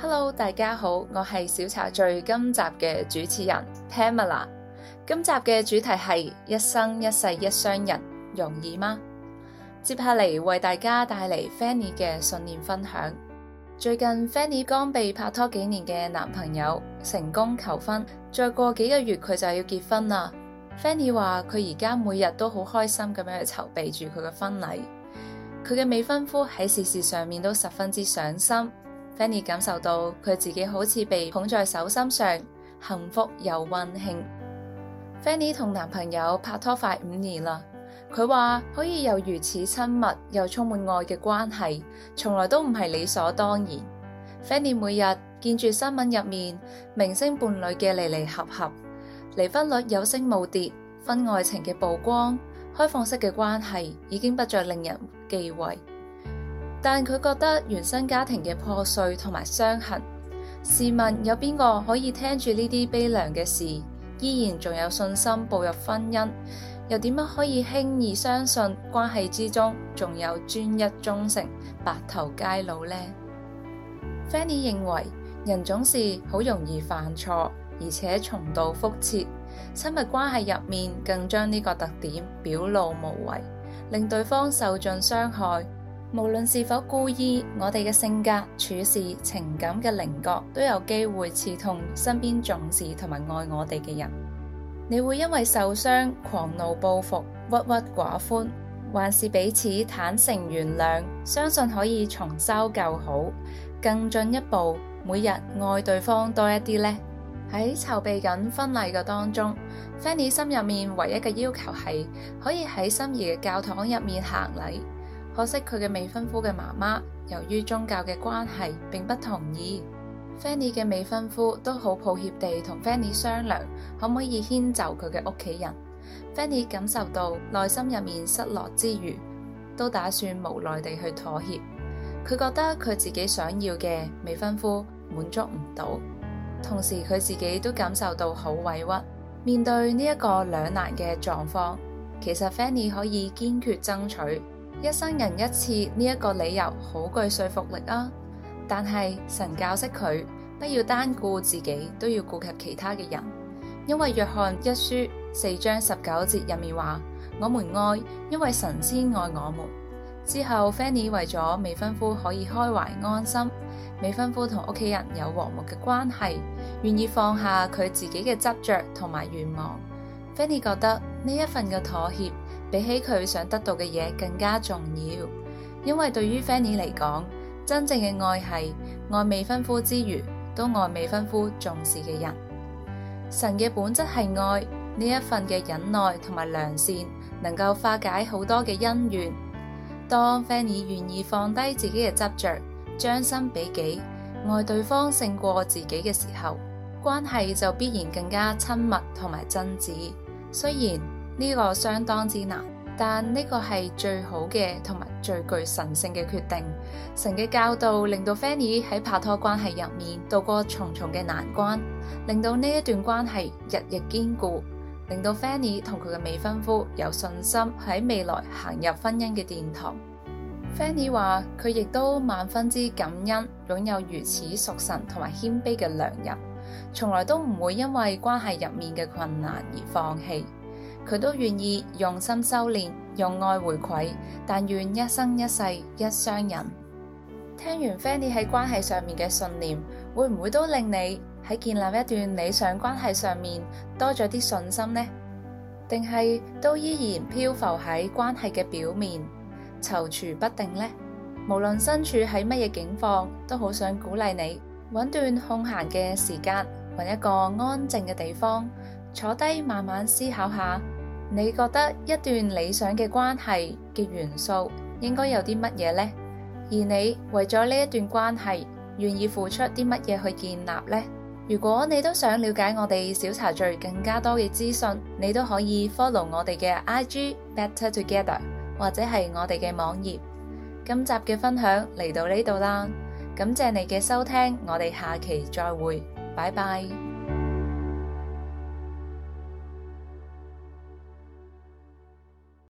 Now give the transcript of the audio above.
Hello，大家好，我係小茶最，今集嘅主持人 Pamela。今集嘅主題係一生一世一雙人，容易嗎？接下嚟為大家帶嚟 Fanny 嘅信念分享。最近 Fanny 剛被拍拖幾年嘅男朋友成功求婚，再過幾個月佢就要結婚啦。Fanny 話佢而家每日都好開心咁樣去籌備住佢嘅婚禮。佢嘅未婚夫喺事事上面都十分之上心。Fanny 感受到佢自己好似被捧在手心上，幸福又溫馨。Fanny 同男朋友拍拖快五年啦，佢話可以有如此親密又充滿愛嘅關係，從來都唔係理所當然。Fanny 每日見住新聞入面明星伴侶嘅離離合合，離婚率有升冇跌，婚外情嘅曝光，開放式嘅關係已經不再令人忌諱。但佢覺得原生家庭嘅破碎同埋傷痕，試問有邊個可以聽住呢啲悲涼嘅事，依然仲有信心步入婚姻，又點樣可以輕易相信關係之中仲有專一忠誠、白頭偕老呢？Fanny 認為人總是好容易犯錯，而且重蹈覆轍，親密關係入面更將呢個特點表露無遺，令對方受盡傷害。無論是否故意，我哋嘅性格、處事、情感嘅稜角，都有機會刺痛身邊重視同埋愛我哋嘅人。你會因為受傷狂怒報復、鬱鬱寡歡，還是彼此坦誠原諒，相信可以重修舊好？更進一步，每日愛對方多一啲呢。喺籌備緊婚禮嘅當中，Fanny 心入面唯一嘅要求係可以喺心儀嘅教堂入面行禮。可惜佢嘅未婚夫嘅媽媽，由於宗教嘅關係，並不同意。Fanny 嘅未婚夫都好抱歉地同 Fanny 商量，可唔可以遷就佢嘅屋企人。Fanny 感受到內心入面失落之餘，都打算無奈地去妥協。佢覺得佢自己想要嘅未婚夫滿足唔到，同時佢自己都感受到好委屈。面對呢一個兩難嘅狀況，其實 Fanny 可以堅決爭取。一生人一次呢一個理由好具說服力啊！但係神教識佢，不要單顧自己，都要顧及其他嘅人，因為約翰一書四章十九節入面話：我們愛，因為神先愛我們。之後 Fanny 為咗未婚夫可以開懷安心，未婚夫同屋企人有和睦嘅關係，願意放下佢自己嘅執着同埋願望，Fanny 覺得呢一份嘅妥協。比起佢想得到嘅嘢，更加重要，因為對於 Fanny 嚟講，真正嘅愛係愛未婚夫之餘，都愛未婚夫重視嘅人。神嘅本質係愛，呢一份嘅忍耐同埋良善，能夠化解好多嘅恩怨。當 Fanny 願意放低自己嘅執着，將心比己，愛對方勝過自己嘅時候，關係就必然更加親密同埋真摯。雖然，呢個相當之難，但呢個係最好嘅，同埋最具神聖嘅決定。神嘅教導令到 Fanny 喺拍拖關係入面度過重重嘅難關，令到呢一段關係日益堅固，令到 Fanny 同佢嘅未婚夫有信心喺未來行入婚姻嘅殿堂。 Fanny 話佢亦都萬分之感恩，擁有如此屬神同埋謙卑嘅良人，從來都唔會因為關係入面嘅困難而放棄。佢都願意用心修煉，用愛回饋，但願一生一世一雙人。聽完 Fanny 喺關係上面嘅信念，會唔會都令你喺建立一段理想關係上面多咗啲信心呢？定係都依然漂浮喺關係嘅表面，躊躇不定呢？無論身處喺乜嘢境況，都好想鼓勵你，揾段空閒嘅時間，揾一個安靜嘅地方，坐低慢慢思考下。你覺得一段理想嘅關係嘅元素應該有啲乜嘢呢？而你為咗呢一段關係願意付出啲乜嘢去建立呢？如果你都想了解我哋小茶聚更加多嘅資訊，你都可以 follow 我哋嘅 IG Better Together，或者係我哋嘅網頁。今集嘅分享嚟到呢度啦，感謝你嘅收聽，我哋下期再會，拜拜。